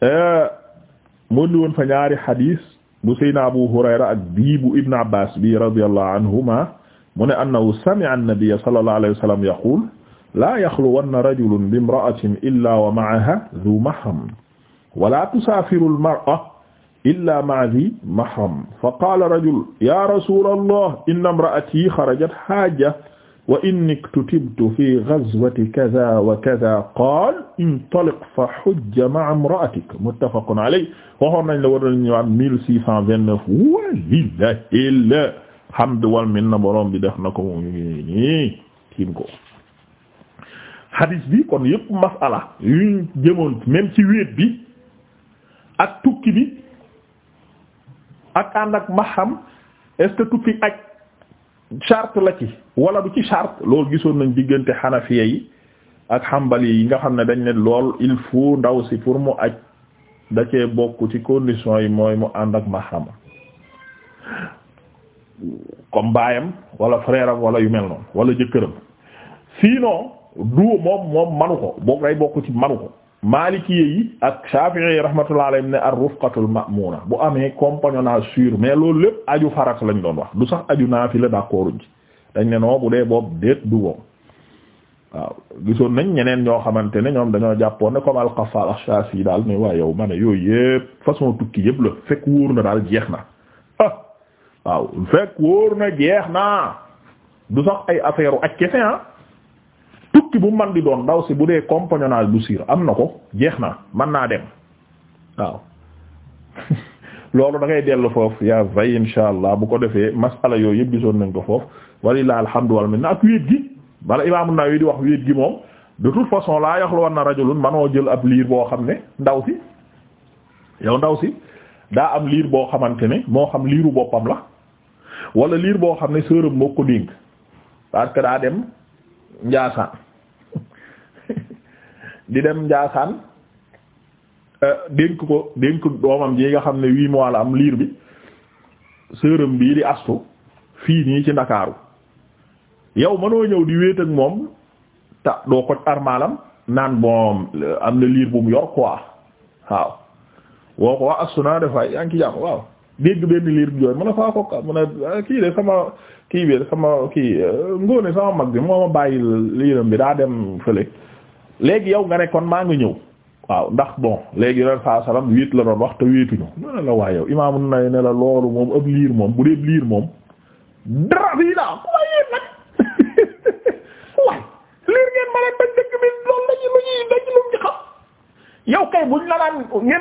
mu eh, indi woon fa ñaari xadiis bu Seydina Abu Hurayra ak bii bu Ibn Abbas bi radiyallahu anhuma mu ne annahu sami'a an-nabiyya sallallahu alayhi wa sallam yaqul laa yaxluwanna rajulun bimra'atin illaa wa ma'aha dhu mahram wa laa tusaafiru al-mar'a illaa ma'a dhi mahram fa qaala rajul yaa rasuulallah inna imra'atii xarajat haaja wa inni ktutibtu fi ghazwati kaza wa kaza qaal intaliq fa hujja ma'a imra'atik muttafaqun alayh waxoon nañ la war nañ ñëwaat mille six cent vingt-neuf walillahil hamdu wal minna borom bi def na ko mu ngi nii tiim ko hadis bi kon yëpp masala yuñ jëmoon même ci wéet bi ak tukki bi ak ànd ak mahram est-ce que tukki ak charte la ci wala du ci charte loolu gisoon nañ diggante xanafiya yi ak xambali yi nga xam ne dañ ne lool il faut ndaw si pour mu aj da cee bokk ci condition yi mooy mu ànd ak mahrama comme baayam wala frère am wala yu mel noonu wala jëkkëram sinon du moom moom manu ko boog day bokk ci manu ko maalikiye yi ak Shafi'i yi rahmatullah alayhi ne ar-rufqatul ma'muna bu amee compagnonnage sûr mais loolu lépp aju farat lañu doon wax du sax aju naafila d'accorduñ ci dañ ne noo bu dee boobu déet du boobu waaw gisoon nañ ñeneen ñoo xamante ne ñoom dañoo jàppoon ne comme al-Qaffal ash-Shafi'i daal ne waa yow ma ne yooyu yëpp façon tukki yëpp la fekk wóor na daal jeex na ah waaw fekk wóor na jeex na du sax ay affaire ak kese ah tukki bu man di doon ndaw si bu dee compagnonnage bu siir am na ko jeex na mën naa dem waaw loolu da ngay dellu foofu yaa vay insha allah bu ko defee masala yooyu yëpp gisoon nañ ko foofu walilah alhamdu wal minna ak wéet gi bala imaamu Nawawi di wax wéet gi moom de toute façon laa yox la war na rajulun manoo jël ab liir boo xam ne ndaw si yow ndaw si daa am liir boo xamante ne moo xam liiru boppam la wala liir boo xam ne sërëm moo ko dénk parce que daa dem Njaasaan di dem Njaasaan euh, dénk ko dénk doomam ji xam ne huit mois la am liir bi sërëm bii di astu fii nii ci ndakaaru yow mënoo ñëw di wéet moom te doo ko armaalam naan boom am na liir bu mu yor quoi waaw woo ko waa astu naa defaay yaa ngi ci waaw dégg benn liir bi jooy mën a faa ko mu ne ah, kii de sama kii bi sama kii euh, ngóone sama mag bi moo ma bàyyi liiram bi daa dem fële léegi yow nga nekkoon maa ngi ñëw waaw ndax bon léegi ren saa salaam wéet la doon wax te wéetuñu ñu ne la waa yow imaamu na ne la loolu moom ab liir moom bu dee liir moom dara bii daa ku waaye liir ngeen mën a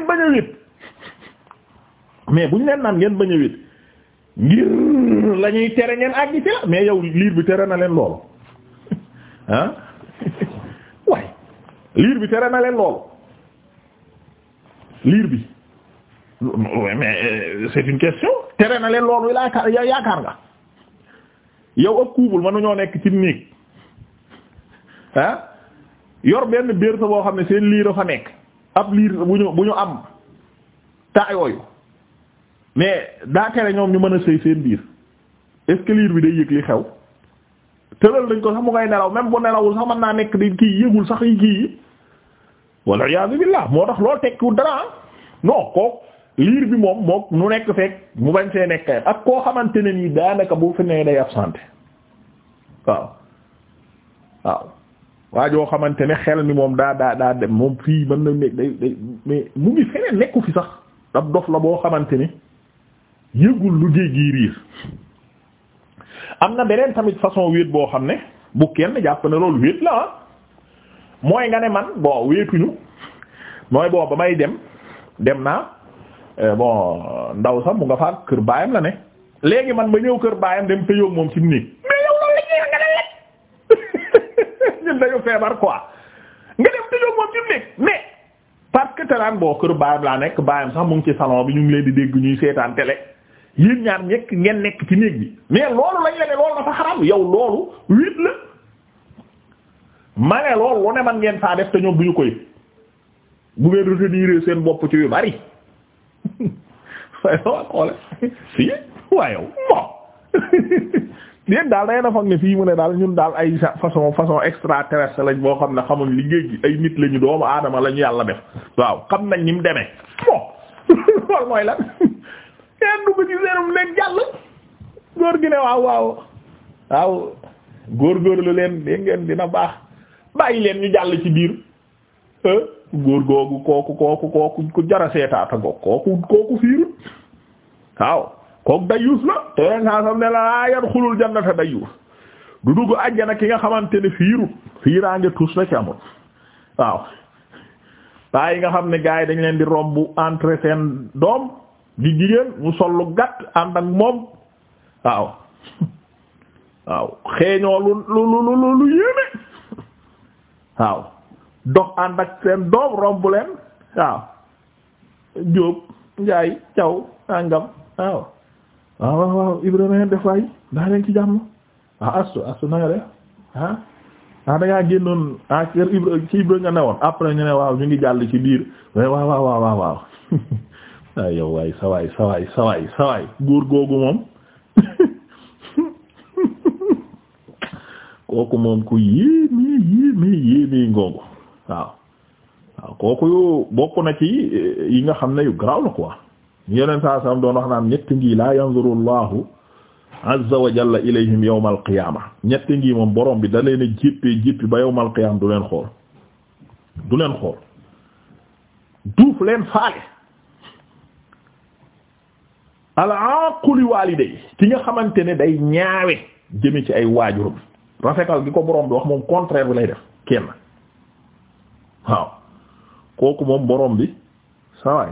bañ a wéet mais buñ leen naan ngeen bañ a wéet ngir la tere ngeen àgg ci la mais yow liir bi tere na leen loolu ah. liir bi tere na leen loolu liir bi mais euh, c'est une question tere na leen loolu yaakaar yaakaar nga yow ak kuubul mënuñoo nekk ci néeg yor benn biir sa boo xam ne seen liir a fa nekk ab liir bu ñu bu ñu am taa yooyu mais daa tere ñoom ñu mën a sëy seen biir est liir bi day yëg li xew tëral dañ ko sax mu ngay nelaw même bu nelawul sax mën naa nekk di kii yëgul sax yi kii yi wal iyaazu billah moo tax loolu tekkiwul dara ah. non ko liir bi moom moom nu nekk fekk mu bañ see nekk ak koo xamante ne nii daanaka bu fi nee day absenté waaw waaw waa joo xamante ne xel mi moom daa daa daa dem moom fii mën na nekk day day mais mu ngi feneen nekku fi sax ab dof la boo xamante ni yëgul lu géej gi riir am na beneen tamit façon wéet boo xam ne bu kenn jàpp ne loolu wéet la ah. mooy nga ne man boo wéetuñu mooy boo ba may dem dem naa euh, bon ndaw sax mu nga faat kër baayam la ne léegi man ma ñëw kër baayam dem te yow moom si mu néeg mais yow loolu la ñuy feebar quoi nga dem te yow boo kër baayam laa nekk baayam sax mu ngi ci salon bi ñu ngi leen di dégg ñuy seetaan télé yéen ñaar ñekk ngeen nekk ci néeg bi mais loolu la ne loolu dafa xaram yow loolu wit la ma ne lool lu ne ngeen faa def te ñoom duñu koy bu ngeen retenir seen bopp ci yu bari waaye waa xoole si daal day na foog ne fii mu ne daal ñun daal ay façon façon extraterrestre lañ boo xam ne xamuñ li géej ay nit lañu doomu aadama lañu yàlla def waaw xam nañ ni mu demee bon mooy lan kenn du ci seenum leen jàll góor gi ne waaw waaw waaw góor góor lu leen dégg ngeen dina baax bàyyi leen ñu jàll ci biir góor googu kooku kooku kooku ku jara seetaata ngoog kooku kooku fiirut waaw kooku dayuus la te ren saa ki nga xamante ne fiirut fiiraange tus la ci amul waaw paa yi nga xam ne gars dañ leen di romb entre seen doom di jigéen mu sollu gàtt ànd ak moom waaw waaw xeeñoo lu lu lu lu yéeme waaw dox ànd ak seen doom romb leen waaw jóob njaay caw àngam waaw waaw waaw waaw Ibrahima def waay daa ci jàmm ah astu astu na nga ah ah da ngaa génnoon ah kër Ibra ci Ibra nga newoon après ñu ne waaw ñu ngi jàll ci biir waaw waaw waaw waaw waaw waaw yow waay sawaay sawaay sawaay sawaay googu moom kooku moom ku yéeme yéeme yéeme ngoogu waaw waaw kooku bokk na ci eh, yi nga xam ne yu garaaw la quoi yeneen saa sam doon wax naan ñett ngi laa yanzuru allahu azza wa jalla ilayhim yawmal qiyaama ñett ngi moom borom bi da leen a jéppee ba yawmal qiyaama du leen xool du leen xool duuf leen faale al aaquli ki nga xamante ne day ñaawe jëme ci ay waajuram rafetal gi ko borom bi wax moom contraire bi lay def kenn waaw kooku moom borom bi sawaay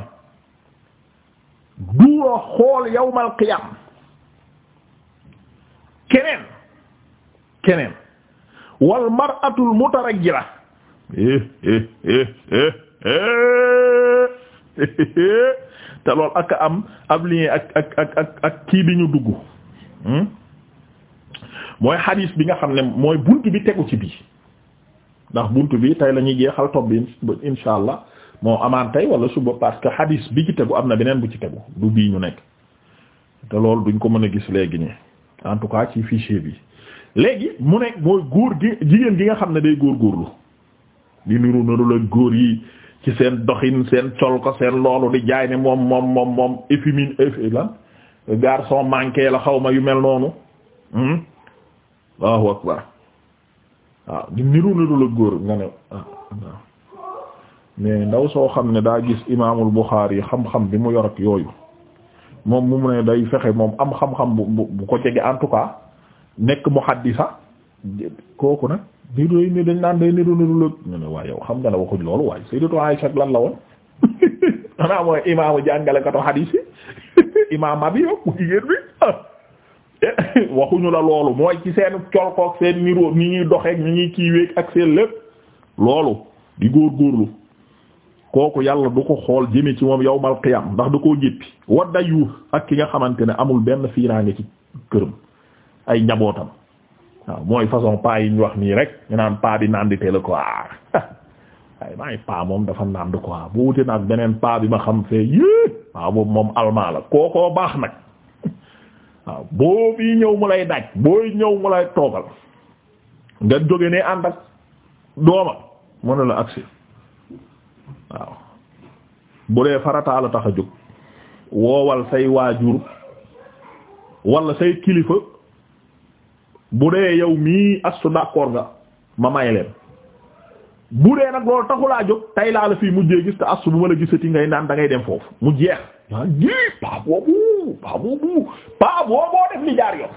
du la xool yawmal qiyam keneen keneen wal mar'atul mutarajjila eh, eh, eh, te lool ak am ab lien ak ak ak ak kii bi ñu dugg hmm? mooy xadiis bi nga xam ne mooy bunt bi tegu ci bii ndax bunt bi tey la ñuy jeexal topp bi insha allah moo amaan tey wala suba parce que xadiis bi ci tegu am na beneen bu ci tegu du bii ñu nekk te loolu duñ ko mën a gis léegi nii en tout cas ci fichier bi léegi mu nekk mooy góor gi jigéen gi nga xam ne day góor góorlu di niru niru la góor yi ci seen doxin seen col ko seen loolu di jaay ne moom moom moom moom efféminé effé lan garçon manqué la xaw ma yu mel noonu hmm? Allahu akbar waaw ah, di niru la góor nga ne ah, mais ndaw soo xam ne daa gis imaamul Buxaari xam-xam bi mu yor ak yooyu moom mu ne day fexe moom am xam-xam bu bu ko jege en tout cas nekk kooku nag niru dañ naan day niru ne waaye yow xam nga ne waxuñ loolu waaye Sayyidatu Aisha lan la woon xanaa mooy imaamu jàngalekatu xadiis yi imaam abi yow bu jigéen bi waxuñu la loolu mooy ci seen colkook seen niroo ni ñuy doxeek ni ñuy kiiweeg ak seen lépp loolu di góor góorlu kooku yàlla du ko xool jëme ci moom yawmal qiyam ndax du ko jéppi wadda ak ki nga xamante ne amul benn fiiraange ci këram ay njabootam waaw mooy façon paa yi ñu wax nii rek ñu naan paa bi naan di ko ah ay maay paa moom dafa naan ko ah bu wute nag beneen paa bi ma xam fee yéen waaw boobu moom almaa la kookoo baax nag. waaw boo bii ñëw mu lay daaj booy ñëw mu lay toogal nga jóge ne ànd ak doomam mënu la agsi waaw bu dee farataa la tax a jóg woowal say waajur walla say kilifa bu dee yow mii astu d'accord nga ma may leen bu dee nag loolu taxulaa jóg tey laa la fii mujjee gis te astu bu ma la gisati ngay naan da ngay dem foofu mu jeex ah jii pas boobu pas boobu pas booboo def li jaar yoon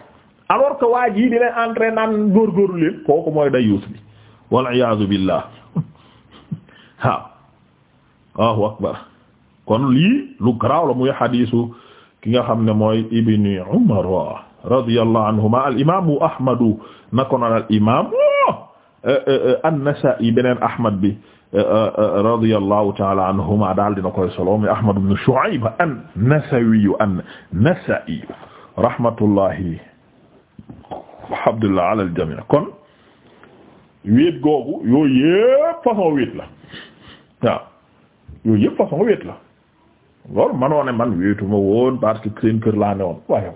alors que waa jii di leen entraîné naan góorgóorlu leen kooku mooy day yuus bi wal iyaazu billah waaw Allahu akbar kon lii lu garaaw la muy xadiisu ki nga xam ne mooy ibni Umar radiyallahu anhuma al imaamu Ahmadu nakoon al imaamu eh, eh, eh, an-Nasaa'i beneen Ahmad bi. radiyallahu ta'ala anhuma daal dina koy solo mi Ahmad ibn Shu'ayb an-Nasawi an-Nasa'i rahmatullahi alhamdulillah ala al-jami' kon wéet googu yooyu yëpp façon wéet la waaw yooyu yëpp façon wéet la loolu manoo ne man wéetuma woon parce que seen kër laa ne woon waaye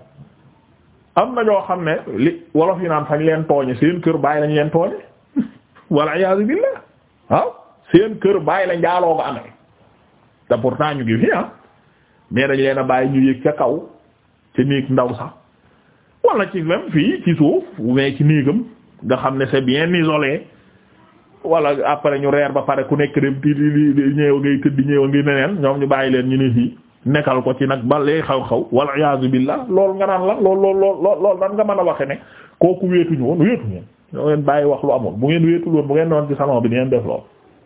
am na ñoo xam ne li wolof yi naan fañ leen tooñe seen kër bàyyi lañ leen tooñe wal iyaazu billah waaw seen kër bàyyi la njaaloo nga amee te pourtant ñu ngi fi ah mais dañ leen a bàyyi ñu yëg ca kaw ca néeg ndaw sax wala ci même fii ci suuf mais ci néegam nga xam ne c'est bien isolé wala après ñu reer ba pare ku nekk dem ti ñëw ngay tëdd ñëw ngi neneen ñoom ñu bàyyi leen ñu ne fii nekkal ko ci nag ba lee xaw-xaw wal iyaazu billah lool nga naan la lool lool lool lool nan nga mën a waxe ne kooku wéetuñu woon wéetuñu ñoo ngeen bàyyi wax lu amul bu ngeen wéetuloon bu ngeen doon bi ngeen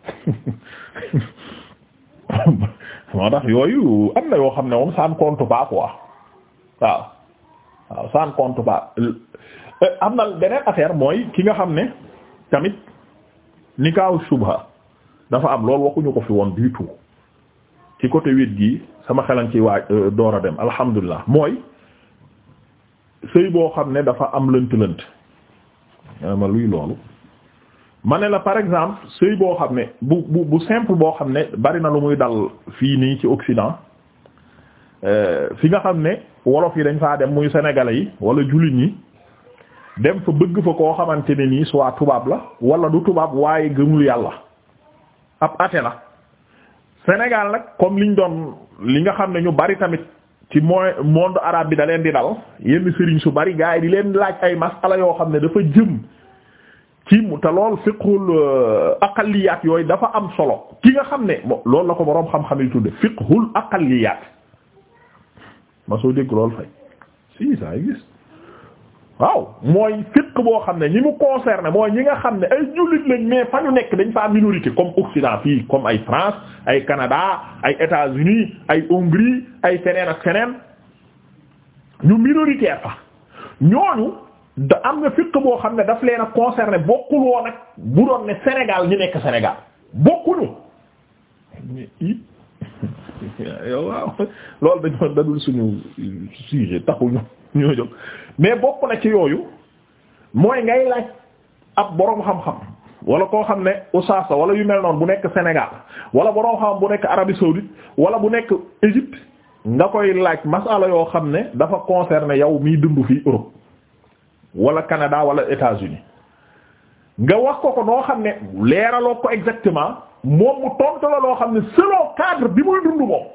moo tax yooyu am na yoo xam ne moom ça compte pas waaw waaw ça compte pas eh, am na beneen affaire mooy ki nga xam ne tamit nikaaw subha dafa am loolu waxuñu ko fi woon du ki ci côté wét gi sama xelan ci waa euh, door a dem alhamdulilah mooy sëy boo xam ne dafa am lënt-lënt ma luy loolu ma ne la par exemple sëy boo xam ne bu bu simple boo xam ne bari na lu muy dal fii nii ci Occident euh, fi nga xam ne wolof yi dañ faa dem muy sénégalais yi wala jullit yi dem fa bëgg fa koo xamante ne nii soit tubaab la wala du tubaab waaye gëmul yàlla ab athée la Sénégal nag comme li ñu doon li nga xam ne ñu bari tamit ci mooy monde arabe bi da leen di dal yenn sëriñ su bari gaa yi di leen laaj ay masala yoo xam ne dafa jëm ci mu te lool fiqhul euh, aqalliyaat yooyu dafa am solo ki nga xam ne loolu la ko boroom xam-xam yi tudde fiqhul aqalliyaat ma soo dégg loolu fay si ça existe waaw mooy fiqh boo xam ne ñi mu concerné mooy ñi nga xam ne ay jullit lañ mais fa ñu nekk dañ fa minorité comme Occident fii comme ay France ay Canada ay États-Unis ay Hongrie ay feneen ak feneen ñu minoritaire fa ñooñu da am na fiq boo xam ne daf leen a concerné bokkul woon ak bu doon ne Sénégal ñu nekk Sénégal bokkuñu yow loolu dañoo dadul suñu sujet taxul ñoo jóg mais bokk na ci yooyu mooy ngay laaj ab boroom xam-xam wala koo xam ne usaasa wala yu mel noonu bu nekk Sénégal wala boroom xam bu nekk Arabie saoudite wala bu nekk Égypte nga koy laaj masala yoo xam ne dafa concerné yow miy dund fii Europe wala Canada wala États-Unis nga wax ko ko noo xam ne leeraloo ko exactement moom mu tontu la loo xam ne selon cadre bi muy dund moom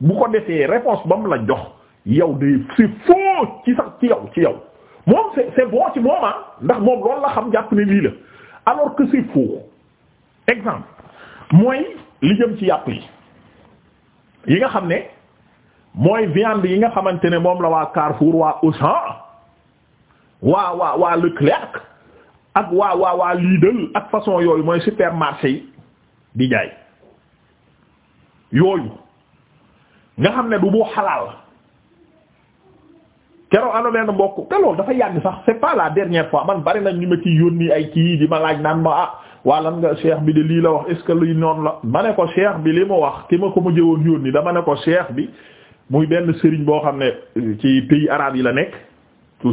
bu ko defee réponse bam la jox yow de c'est faux ci sax ci yow ci yow moom c'est c'est bon ci moom ah ndax moom loolu la xam jàpp ne lii la alors que c'est faux exemple mooy li jëm ci yàpp yi yi nga xam ne mooy viande yi nga xamante ne moom la waa Carrefour waa Auchan waa waa waa Leclerc ak waa waa lii Lidl ak façon yooyu mooy supermarché yi di jaay yooyu nga xam ne du bu xalaal keroog am na benn mbokk te loolu dafa yàgg sax c'est pas la dernière fois man bari nañ ñu ma ci ni ay kii di ma laaj naan ma ah waa lan nga cheikh bi de lii la wax est-ce que noonu la ma ne ko cheikh bi li mu wax ki ma ko woon jëwoon yónni dama ne ko cheikh bi muy benn sëriñ boo xam ne ci pays arabe yi la nekk tu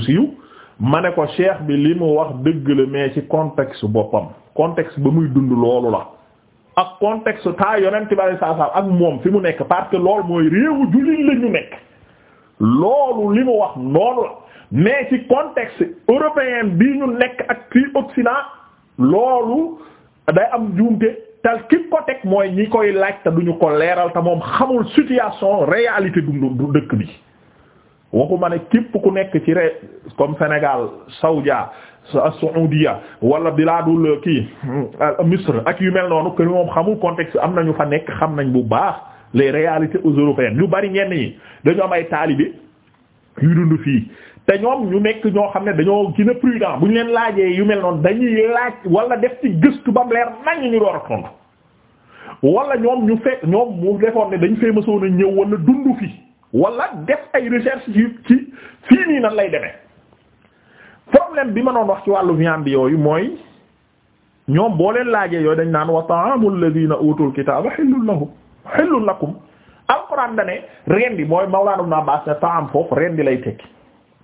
ma ne ko cheikh bi li mu wax dëgg la mais ci contexte boppam contexte ba muy dund loolu la ak contexte ta yonent bari saa saa ak moom fi mu nekk parce que loolu mooy réewu jullit la ñu nekk loolu li mu wax noonu la mais ci contexte européen bii ñu nekk ak ci Occident loolu day am juumte tal ki ko teg mooy ñi koy laaj du ñu ko leeral te moom xamul situation réalité dundu dëkk bi waxuma ne képp ku nekk ci re comme Sénégal Saudia Saoudia wala bilaadul euh, kii euh, Misr ak yu mel noonu que moom xamul contexte am na ñu fa nekk xam nañ bu baax les réalités européennes ñu bari ñenn ñi dañu am ay taalibe yu dund fii te ñoom ñu nekk ñoo xam ne dañoo gën a prudent bu ñu leen laajee yu mel noonu dañuy laaj wala def ci gëstu bam leer nañ ñu door a tontu wala ñoom ñu fekk ñoom mu defoon ne dañ fee mësoon a ñëw wala dund fii. wala def ay recherche ci ci fii nii nan lay demee problème bi ma doon wax ci wàllu viande yooyu mooy ñoom boo leen laajee yooyu dañ naan wa ta'amul ladina utul kitaba xillul lahum xillul lakum alquran dane rendi mooy mawlana ibn abbas ne ta'am foofu rendi lay tekki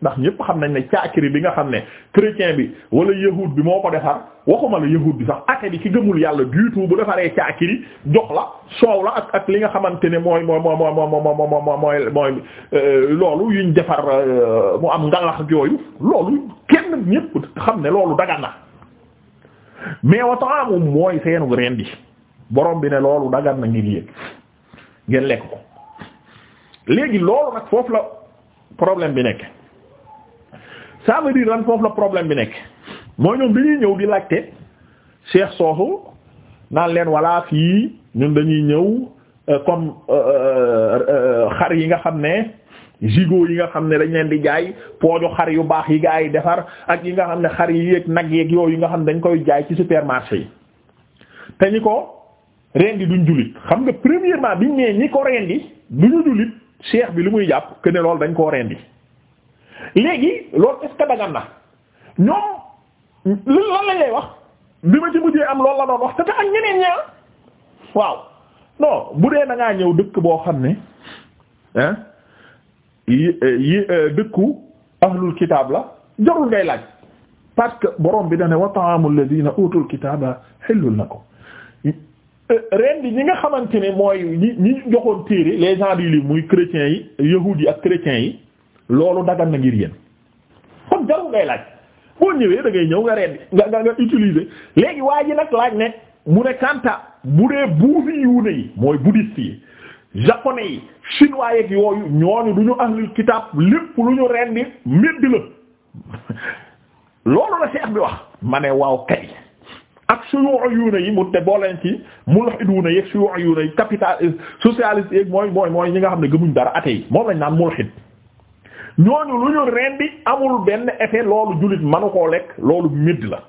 ndax ñëpp xam nañ ne caakiri bi nga xam ne chrétien bi wala yahud bi moo ko defar waxuma la yahud bi sax ate bi ci gëmul yàlla du tout bu defaree caakiri jox la soow la ak ak li nga xamante ne mooy mooy mooy mooy mooy mooy loolu yuñ defar mu am ngalax yooyu loolu kenn ñëpp xam ne loolu dagan na mais wa taamu mooy seenu rendi borom bi ne loolu dagan na ngir yéen ngeen lekk ko léegi loolu nag foofu la problème bi nekk. ça veut dire lan foofu la problème bi nekk mooy ñoom dañuy ñëw di laajte cheikh soosu naan leen walla fii ñun dañuy ñëw euh, comme euh, euh, xar yi nga xam ne gigot yi nga xam ne dañ leen di jaay pooju xar yu baax yi gaa yi defar ak yi nga xam ne xar yi yëg nag yeeg yooyu nga xam ne dañ koy jaay ci supermarché yi te ñi ko rendi duñ jullit xam nga premièrement ñu nee ñi ko rendi duñu jullit cheikh bi lu muy jàpp que ne loolu dañ koo rendi léegi loolu est dagan na ñoom lan la ñuy wax bi ma ci mujjee am loolu la doon wax te te ak ñeneen ña ah. waaw non bu dee da ñëw dëkk boo xam ne ah yi euh, dëkku ahlul kitaab la jarul ngay laaj parce que borom bi da ne wa ta'amul ladina utul kitaaba xillul lakum ren di ñi nga xamante ni mooy ñi ñi joxoon téere les gens du muy chrétiens yi yahuudi yi ak chrétiens yi loolu dagan na ngir yéen kon jarul ngay laaj boo ñëwee da ñëw nga rendi nga nga nga léegi waa ji nag laaj ne mu ne kanta bu dee buufi yu ne yi mooy bouddhiste yi japonais yi chinois yeeg yooyu ñooñu du ñu ahlul kitaab lépp lu ñu rendi médd la loolu la seex bi wax ma ne waaw kay ak shuyu'iyuna yi mu te booleen ci mulhiduna yeeg shuyu'iyuna yi capital socialiste yeeg mooy mooy mooy ñi nga xam ne gëmuñ dara athée yi moom lañ naan mulhid ñooñu lu ñu rendi amul benn effet loolu jullit manu koo lekk loolu midd la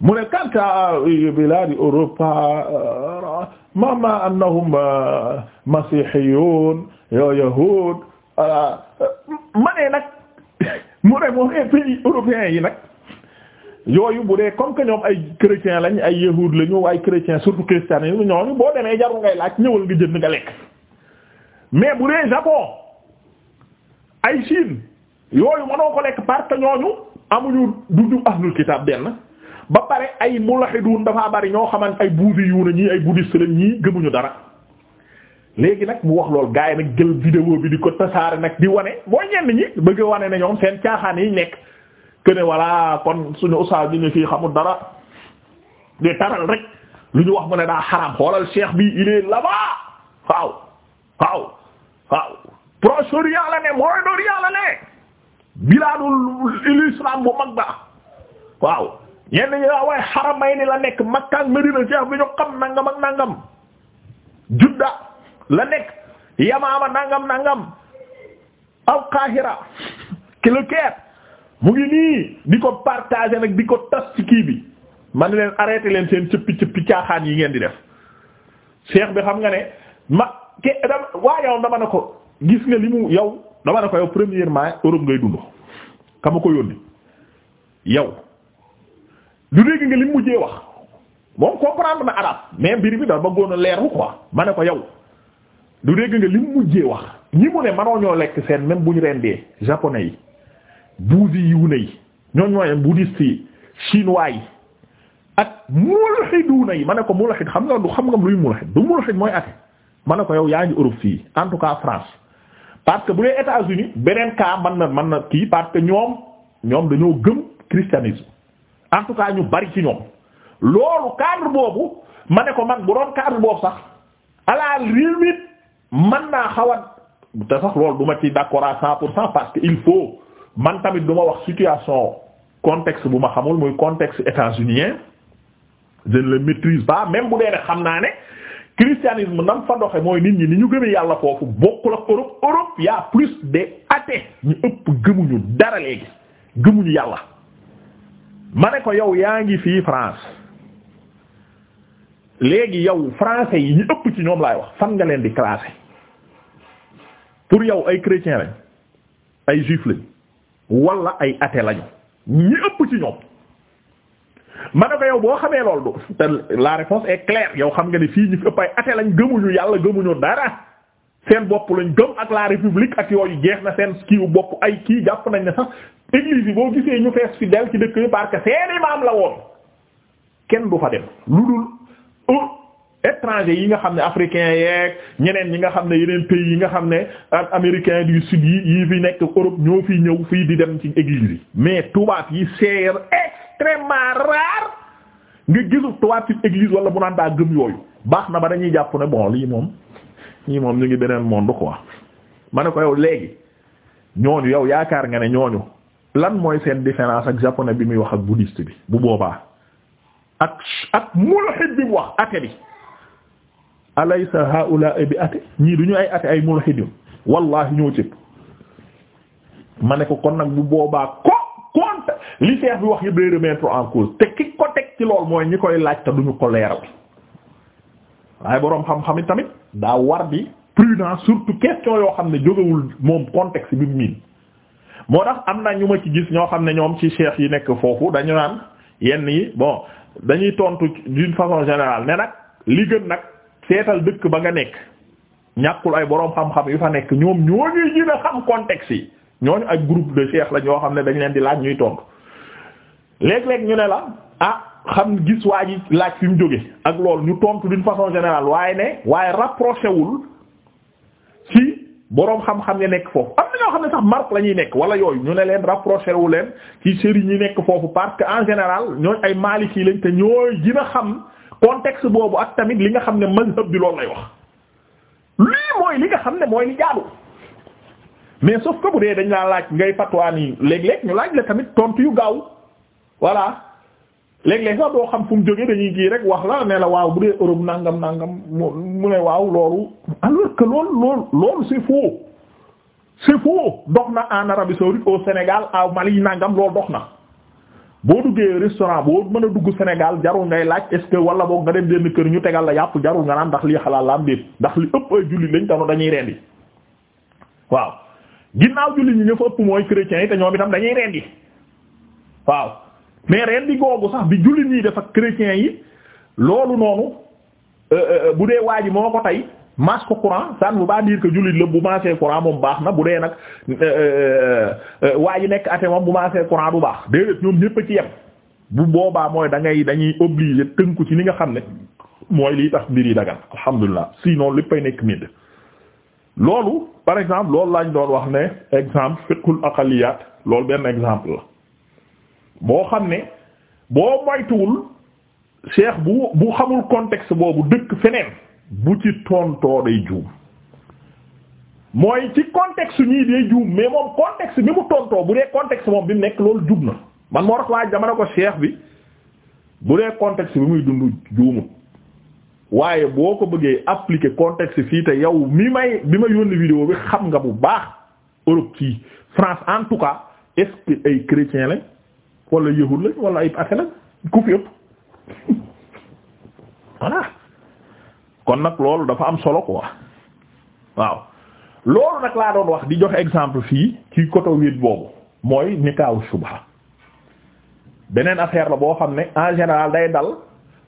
mu ne kanta euh, biladi Europe euh, mama annahum euh, masihiyun yo yahud ma nee nag mu ne moom pays européens yi nag yooyu bu dee comme que ñoom ay chrétien lañ ay yahud lañu ay chrétien surtout chrétien yi ñooñu boo demee jaru ngay laaj ñëwal nga jënd nga lekk mais bu dee Japon ay siin yooyu mënoo ko lekk parce que ñooñu amuñu duñu ahlul kitaab benn ba pare ay mulhidun dafaa bari ñoo xamante ay buusi yu na ñii ay bouddhiste lañ ñii gëmuñu dara léegi nag mu wax lool gars yi nag jël vidéo bi di ko tasaare nag di wane boo ñenn ñi bëgg wane ne ñoom seen caaxaan yi nekk que ne voilà kon suñu ussa bi ñu fii xamul dara di taral rek lu ñu wax mu ne daa xaraam xoolal cheikh bi il est là-bas waaw Proche-Orient la ne Moyen-Orient la ne bilaadul islam bu mag ba waaw ñenn ñi daa waaye Haramayni la nekk Makka ak Medina ci bi ñu xam nangam ak nangam Judda la nekk Yamaama nangam nangam al-Qahira ki le mu ngi nii di ko partager nag di ko tas ci kii bi man leen arrêté leen seen cëppi cëppi caaxaan yi ngeen di def seex bi xam nga ne ma ke dama waaye dama ne ko gis nga li mu yow dama ne ko yow premièrement Europe ngay dund kama ko yónni yow du dégg nga li mu mujjee wax moom comprendre na arabe mais mbir bi dafa bëggoon a leerlu quoi ma ne ko yow lu dégg nga li mu mujjee wax ñi mu ne manoo ñoo lekk seen même bu ñu rendee japonais yi buusi yiw na yi ñoo ñooy bouddhiste yi chinois yi ak mulhiduna yi ma ne ko mulhid xam nga du xam nga luy mulhid du mulhid mooy ate ma ne ko yow yaa ngi Europe fii en tout cas France parce que bu dee États-Unis beneen cas man na man na kii parce que ñoom ñoom dañoo gëm christianisme en tout cas ñu bari ci ñoom loolu cadre boobu ma ne ko man bu doon cadre boobu sax à la limite man naa xaw a te sax loolu du ma ci d'accord à cent pour cent parce que il faut man tamit du ma wax situation contexte bu ma xamul muy contexte états-unien je ne le maîtrise pas même bu dee ne xam naa ne christianisme nam fa doxe mooy nit ñi ni ñu gëmee yàlla foofu bokkul ak Europe Europe y'a plus des athées ñu ëpp gëmuñu dara léegi gëmuñu yàlla ma ne ko yow yaa ngi fii France léegi yow français yi ñu ëpp ci ñoom laay wax fan nga leen di classé pour yow ay chrétiens lañ ay juifs lañ wala ay athées lañu ñu ëpp ci ñoom ma ko yow boo xamee loolu du te la réponse est claire yow xam nga ne fii ñu fi ëpp ay ate lañ gëmuñu yàlla gëmuñu dara seen bopp lañ gëm ak la république ak yooyu jeex na seen kiiwu bopp ay kii jàpp nañ na sax église yi boo gisee ñu fees fi del dëkk yi parce que seen imaam la woon kenn du fa dem lu dul étranger yi nga xam ne africain yeeg ñeneen ñi nga xam ne yeneen pays yi nga xam ne ak américain du sud yi yi fi nekk Europe ñoo fi ñëw fii di dem ci église extrêmement rare nga gisul tubaab ci église wala bu naan daa gëm yooyu baax na ba dañuy jàpp ne bon lii moom lii moom ñu ngi beneen monde quoi ma ne ko yow léegi ñooñu yow yaakaar nga ne ñooñu lan mooy seen différence ak japonais bi muy wax ak bouddhiste bi bu boobaa ak ak mulhid bi mu wax athée bi alaysa haula bi athée ñii duñu ay athée ay mulhid wallahi ñoo cëpp ma ne ko kon nag bu boobaa li seex bi wax yëpp day remettre en cause te ki ko teg ci lool mooy ñi koy laaj te duñu ko leeral waaye boroom xam-xam yi tamit daa war bi prudent surtout question yoo xam ne jógewul moom contexte bi mu miin moo tax am naa ñu ma ci gis ñoo xam ne ñoom ci cheikh yi nekk foofu dañu naan yenn yi bon dañuy tontu d'une façon général ne nag li gën nag seetal dëkk ba nga nekk ñàkkul ay boroom xam-xam yu fa nekk ñoom ñoo ñuy gën a xam contexte yi ñooñu ak groupe de cheikh la ñoo xam ne dañ leen di laaj ñuy tontu léeg-léeg ñu ne la ah xam gis waa ji laaj fi mu jóge ak loolu ñu tontu d'une façon général waaye ne waaye rapproché wul fi boroom xam-xam ya nekk foofu am na ñoo xam ne sax marque la ñuy nekk wala yooyu ñu ne leen rapproché wu leen ci sëriñ ñi nekk foofu parce que en général ñooñ ay maliki lañ te ñooy gën a xam contexte boobu ak tamit li nga xam ne mazhab bi loolu lay wax lii mooy li nga xam ne mooy li jaadu mais sauf que dee dañ laa laaj ngay fatwaa nii léeg-léeg ñu laaj la tamit tontu yu gaaw. voilà léeg-léeg doo xam fu mu jógee dañuy kii rek wax la ne la waaw bu dee Europe nangam nangam mu ne waaw loolu alors que loolu loolu loolu c'est faux c'est faux dox na en Arabie saoudite au Sénégal aw Mali nangam loolu dox na. boo duggee restaurant boo mën a dugg senegal jarul ngay laaj est-ce que wala boog nga dem benn kër ñu tegal la yàpp jarul nga naan ndax lii xalaat laam am déet ndax li ëpp ay julli lañ tanu dañuy rendi waaw ginnaaw julli ñi ñëpp ëpp mooy chrétiens yi te ñoom itam dañuy rendi waaw. mais ren di googu sax bi jullit ñi def ak chrétiens yi loolu noonu euh, euh, bu dee waa ji moo ko tey mas ko courant ça ne veut pas dire que jullit la bu maasee courant moom baax na bu dee nag euh, waa ji nekk athée moom bu maasee courant du baax déedéet ñoom ñépp a ci yem bu boobaa mooy da ngay dañuy obligé tënku ci li nga xam ne mooy lii tax mbir yi dagan alhamdulilah lépp léppay nekk mid loolu par exemple loolu lañ doon wax ne exemple fiqhul aqaliyat loolu benn exemple boo xam ne boo moytuwul cheikh bu bu xamul contexte boobu dëkk feneen bu ci tontoo day juum mooy ci contexte ñii day juum mais moom contexte bi mu tontoo bu dee contexte moom bi mu nekk loolu jub na man moo tax waaye dama ko cheikh bi bu dee contexte bi muy dund juumut waaye boo ko bëggee appliquer contexte fii te yow mi may bi ma yónni vidéo bi xam nga bu baax Europe ci France en tout cas est-ce que ay chrétien lañ wala yahud lañ wala ay athée lañ ku fi ëpp kon nag loolu dafa am solo quoi waaw loolu nag laa doon wax di joxe exemple fii ci côté wéet boobu mooy nikaawu subha beneen affaire la boo xam ne en général day dal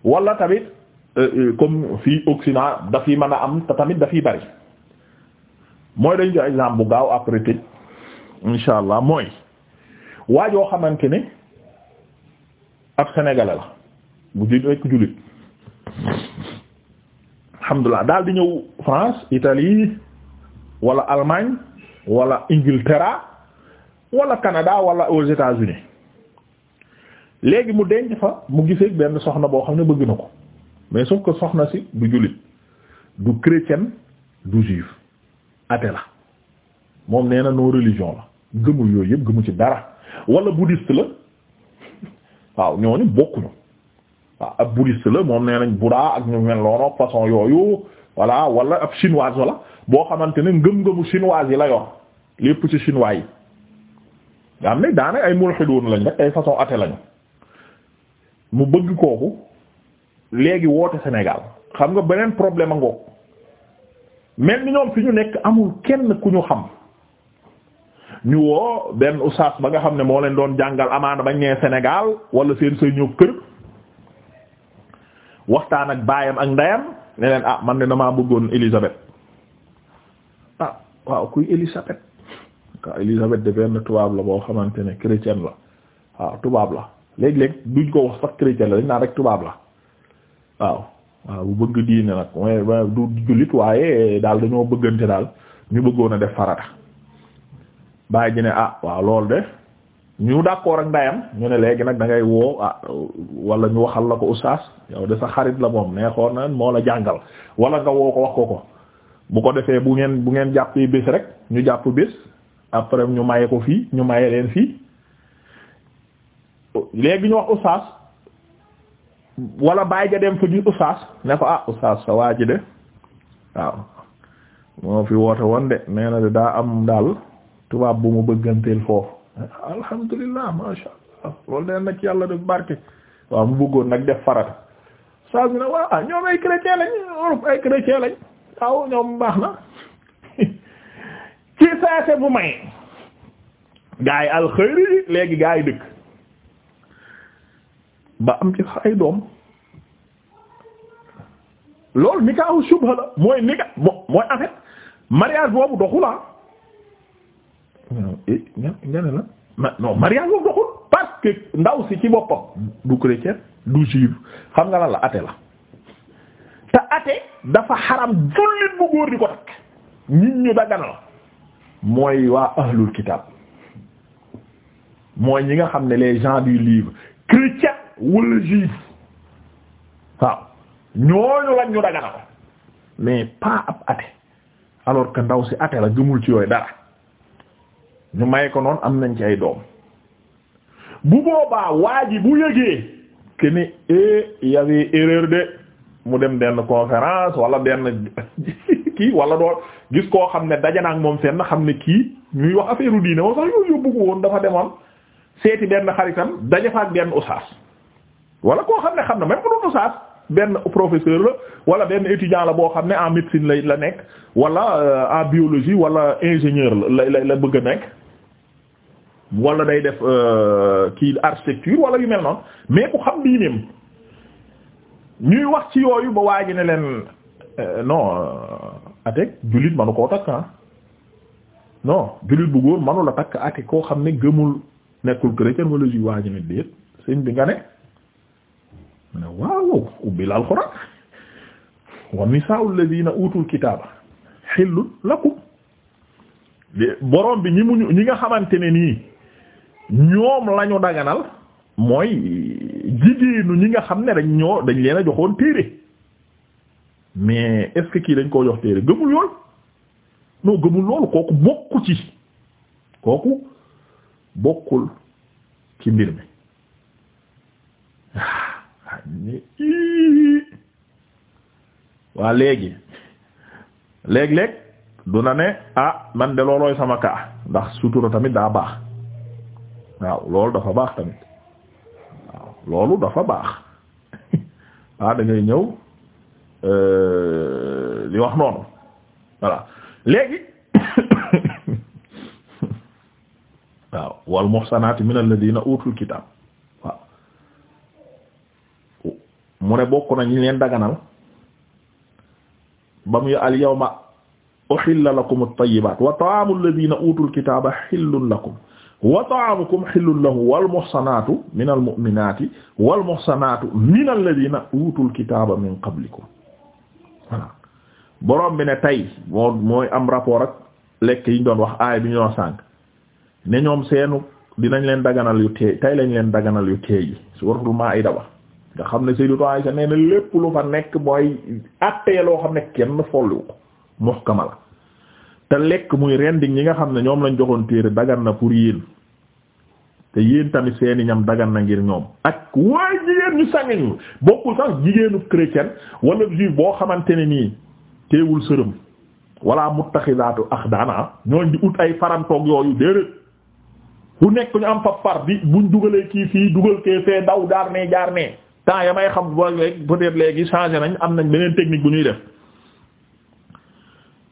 wala tamit euh, euh, comme fii Occident dafiy mën a am te tamit dafiy bari mooy dañ jox exemple bu gaaw après tëj insha allah mooy waajoo xamante ne ab sénégalais la bu ju nekk jullit alhamdulilah daal di ñëw France Italie wala Allemagne wala Ingilterra walla Canada wala aux États-Unis léegi mu denc fa mu gisee benn soxna boo xam ne bëgg na ko mais sauf que soxna si du jullit du chrétien du juif athée la moom nee na non religion la gëmul yooyu yëpp gëmu ci dara wala bouddhiste la. waaw ñooñu bokkuñu waaw ab bouddhiste la moom nee nañ Bouddha ak ñu mel noonu façon yooyu voilà wala ab chinoise wala boo xamante ne ngëm-ngëmu chinoise yi la yor lépp ci chinois yi nga am ne daanaka ay mulhidun lañ ay façon athée lañu mu bëgg kooku léegi woote Sénégal xam nga beneen problème a ngoog mel ni ñoom fi ñu nekk amul kenn ku ñu xam ñu woo benn oustaz ba nga xam ne moo leen doon jàngal amaana bañ nee Sénégal wala seen say ñëw kër waxtaan ak baayam ak ndeyam ne leen ah man de damaa bëggoon Élisabeth ah waaw kuy Élisabeth waaw de benn tubaab la boo xamante ne chrétienne la waaw tubaab la léeg-léeg duñ ko wax sax chrétienne la dañ naan rek tubaab la waaw waaw bu bëgg diine nag mooy du jullit waaye daal dañoo bëggante daal ñu bëggoon a def farata. bàyyi ji ne ah waaw loolu de ñu d'accord ak ndayam ñu ne léegi nag da ngay woo ah wala ñu waxal la ko oustaz yow de sa xarit la moom neexoon na moo la jàngal wala nga woo ko wax ko ko bu ko defee bu ngeen bu ngeen jàppee bés rek ñu jàpp bés après ñu maye ko fii ñu maye leen fii léegi ñu wax oustaz wala bàyyi ja dem fa di oustaz ne ko ah oustaz sa waa ji de waaw moo fi woote woon de nee na de daa am daal. tubaab bu mu bëgganteel foofu alhamdulillah masha allah loolu deen nag yàlla def barke waaw mu bëggoon nag def farata saa bi nag waaw ah, ñoom ay chrétien lañ ay chrétien lañ waaw ñoom baax na ci saase bu may gaa yi léegi gaa yi dëkk ba am ci sax ay doom loolu nikaahu shubha la mooy nika mooy en fait mariage boobu doxula Eh, nga ne la ma non mariage boobu parce que ndaw si ci boppam du chrétien du juif xam nga lan la athée la te athée dafa xaram jullit bu góor di ko takk nit ñu daganal mooy waa ahlul kitab mooy ñi nga xam ne les gens du livre chrétien wala juif waaw ñooñu lañ ñu daganal mais pas ab athée alors que ndaw si athée la gëmul ci yooyu dara ñu may ko noonu am nañ ci ay doom bu boobaa waa ji bu yëgee que ni eh, y avait erreur de mu dem benn conférence wala benn kii wala doon gis koo xam ne daje na moom seen xam ne kii ñuy wax affaire diine moom sax dafa demoon seeti benn xaritam daje fa ak benn oustaz wala koo xam ne xam na même bu doon oustaz benn professeur la wala benn étudiant la boo xam ne en médecine la la nekk wala euh, en biologie wala ingénieur la la la bëgg a nekk. wala day def euh, kii architecture wala yu mel noonu mais ku xam diineem ñuy wax ci yooyu ba waa ji ne leen euh, non euh, atek jullit manu koo takk ah non jullit bu góor manu takk ak koo xam ne gëmul nekkul chrétien wala ju waa ji ne déet sëñ bi nga ne ne waaw ubbil alxuraan wa nisaa'u alladhina utul kitaaba xillul lakum borom bi ñi muñu ñi nga xamante ne nii ñoom lañu daganal mooy jigéenu ñi nga xam ne dañ ñoo dañ leen a joxoon téere mais est kii dañ koo jox téere gëmul lool noo gëmul loolu kooku bokku ci kooku bokkul ci mbir mi waa léegi léeg-léeg du na ne ah man de loolooy sama kaa ndax sutura tamit daa baax waaw loolu dafa baax tamit waaw loolu dafa baax ah da ngay ñëw li euh, wax noonu voilà léegi waaw wal muhsanaati min alladina utul kitab waaw mu ne bokk na ñu leen daganal ba mu al yawma uhilla lakum at-tayyibat wa ta'amu alladina utul kitaba hillun lakum wa ta'amukum xillun lahu wal muhsanaatu minal mu'minaati wal muhsanaatu minal ladiina uutul kitaaba min qablikum voilà borom bi ne tey moo mooy am rapport ak lekk yi ñu doon wax aay bi ñu doon sànq ne ñoom seenu dinañ leen daganal yu teey tey lañ leen daganal yu teey yi suuratul maa'ida ba nga xam ne Sayyidatu Aysa nee na lépp lu fa nekk mooy àttee loo xam ne kenn folliwu ko muhkama la te lekk muy rendi ñi nga xam ne ñoom lañ joxoon téere dagan na pour yéen te yéen tamit seeni ñam dagan na ngir ñoom ak waaye jigéen ñu sànge ñu bokkul sax jigéenu chrétien wala juif boo xamante ne nii teewul sërëm wala muttaxidaatu axdaana ñooñ di ut ay farantoog yooyu déedéet fu nekk ñu am fa par bi buñ dugalee kii fii dugal kee fee daw daar ne jaar nee temps ya may xam peut-être léegi changé nañ am nañ beneen technique bu ñuy def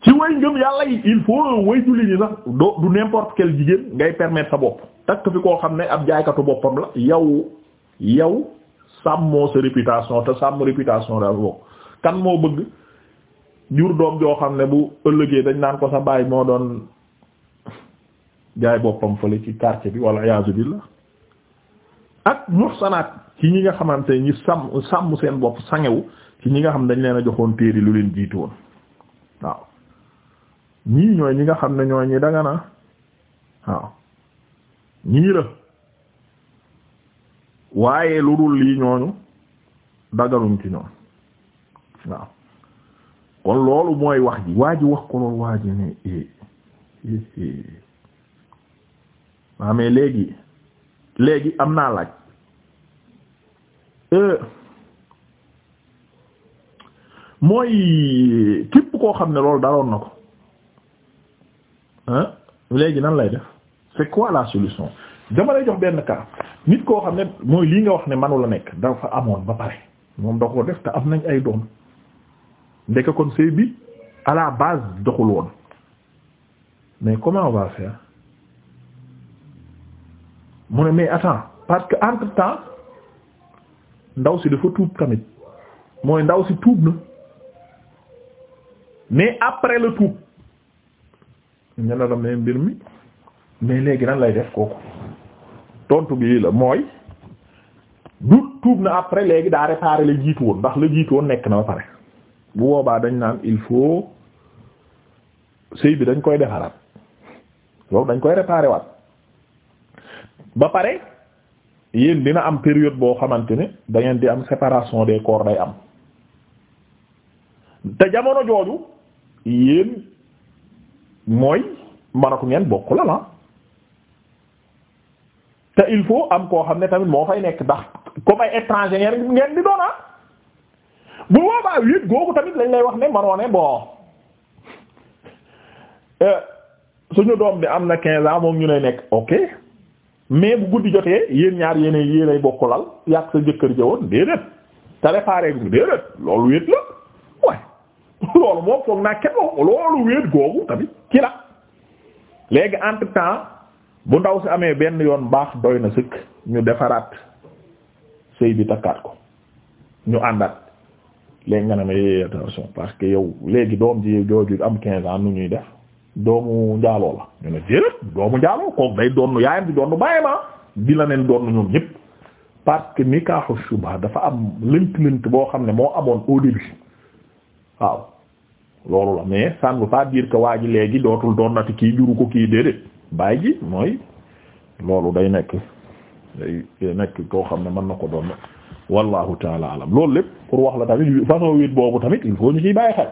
ci way ngëm yàlla yi il faut way julli ñi sax du n'importe quel jigéen ngay permettre sa bopp takk fi koo xam ne ab jaaykatu boppam la yow yow sàmmoo sa réputation te sàmm réputation daal kan moo bëgg jur doom joo xam ne ëllëgee dañ naan ko sa baay moo doon jaay boppam ci quartier bi wala iyaazu billah ak muhsanaat ci ñi nga xamante ñi sàmm sàmm seen bopp sangewu ci ñi nga xam ne dañ leen a joxoon téeri lu leen jiitu woon ñii ñooy ñi nga xam ne ñooy ñi dagana waaw ñii la waaye lu dul lii ñooñu daganuñ ci ñoom waaw kon loolu mooy wax ji waa ji wax ko loolu waa ji ne eh, eh, eh. waa mais léegi léegi am naa laaj euh, mooy képp koo xam ne loolu daloon na ko léegi nan lay def c'est quoi la solution dama lay jox benn cas nit koo xam ne mooy lii nga wax ne manu la nekk dafa amoon ba pare moom da ko def te am nañ ay doom ndeke kon sëy bi à la base doxul woon mais comment on va faire mu ne mais attends parce que entre temps ndaw si dafa tuub tamit mooy ndaw si tuub na mais après le tuub ñu ne la mais mbir mi mais léegi nan lay def kooku tontu bii la mooy du tuub na après léegi daa réparer la jiitu woon ndax la jiitu woon nekk na ba pare bu boobaa dañ naan il faut sëy bi dañ koy defaraat loolu dañ koy réparer waat ba pare yéen dina am période boo xamante ne da ngeen di am séparation des corps day am te jamono jooju yéen. mooy mën a ko ngeen bokk la te il faut am koo xam ne tamit moo fay nekk ndax comme ay étranger ngeen ngeen di doona ah. bu boobaa wéet googu tamit lañ lay wax ne manoo ne euh, suñu doom bi am na quinze ans moom ñu ne nekk ok mais bu guddi jotee yéen ñaar yéen yéen ay bokk lal yàq sa jëkkër ja déedéet te réparé gu déedéet loolu wéet la loolu moom foog naa kenn loolu wéet googu tamit ci léegi entre bu ndaw si amee benn yoon baax doy na sëkk ñu defaraat sëy bi takkaat ko ñu àndaat léegi nga ne ma eh, attention parce que yow léegi doom ji jooju am quinze ans nu ñuy def doomu njaaloo la ñu ne déedéet doomu njaaloo kook day doon yaayam di doon bàyyi ma ah, di la neen doon ñoom ñëpp parce que nikaaxu suba dafa am lint lënt boo xam ne moo amoon au début waaw loolu la mais ça ne veut pas dire que waa ji léegi lootul doon nati kii juru ko kii déedéet baay ji mooy loolu day nekk day nekk koo xam ne mën na ko doon wallahu taala alam loolu lépp pour wax la tamit façon wit boobu tamit il faut ñu ciy bàyyi xel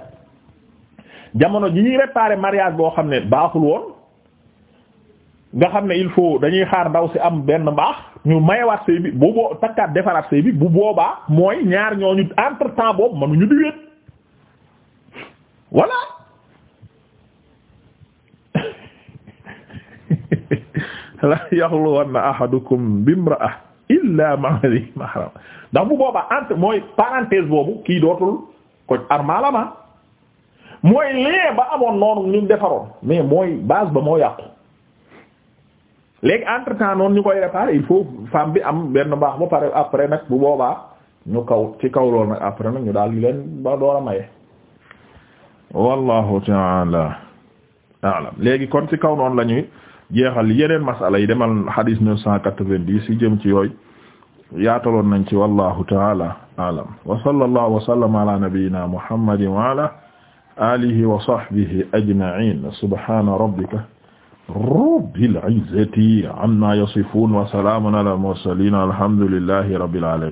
jamono ji ñuy réparer mariage boo xam ne baaxul woon nga xam ne il faut dañuy xaar ndaw si am benn mbaax ñu mayewaat sëy bi bu boo takkaat defaraat sëy bi bu boobaa mooy ñaar ñooñu entre temps boobu voilà a yaxluwanna ahadukum bimra'a illa ma mahram ndax bu boobaa entre mooy parenthèse boobu kii dootul ko armalama ah. mooy lee ba amoon noonu ñu defaroon mais mooy base ba moo yàqu léegi entre temps noonu ñu koy réparer il faut femme bi am benn baax ba pare après nag bu boobaa ñu kaw ci kaw loolu nag après nag ñu daal leen ba door maye wallahu taala aalam léegi kon ci kaw noonu la ñuy jeexal yeneen masala yi demal hadis neuf cent quatre-vingt-dix yi jëm ci yooyu yaataloon nañ ci wallahu taala aalam wa sallallahu wa sallama ala nabiyyina muhammadin wa ala alihi wa sahbihi ajma'in subhana rabbika rabbil izzati amma yasifun wa salamun ala mursalin alhamdulillahi rabbil alamin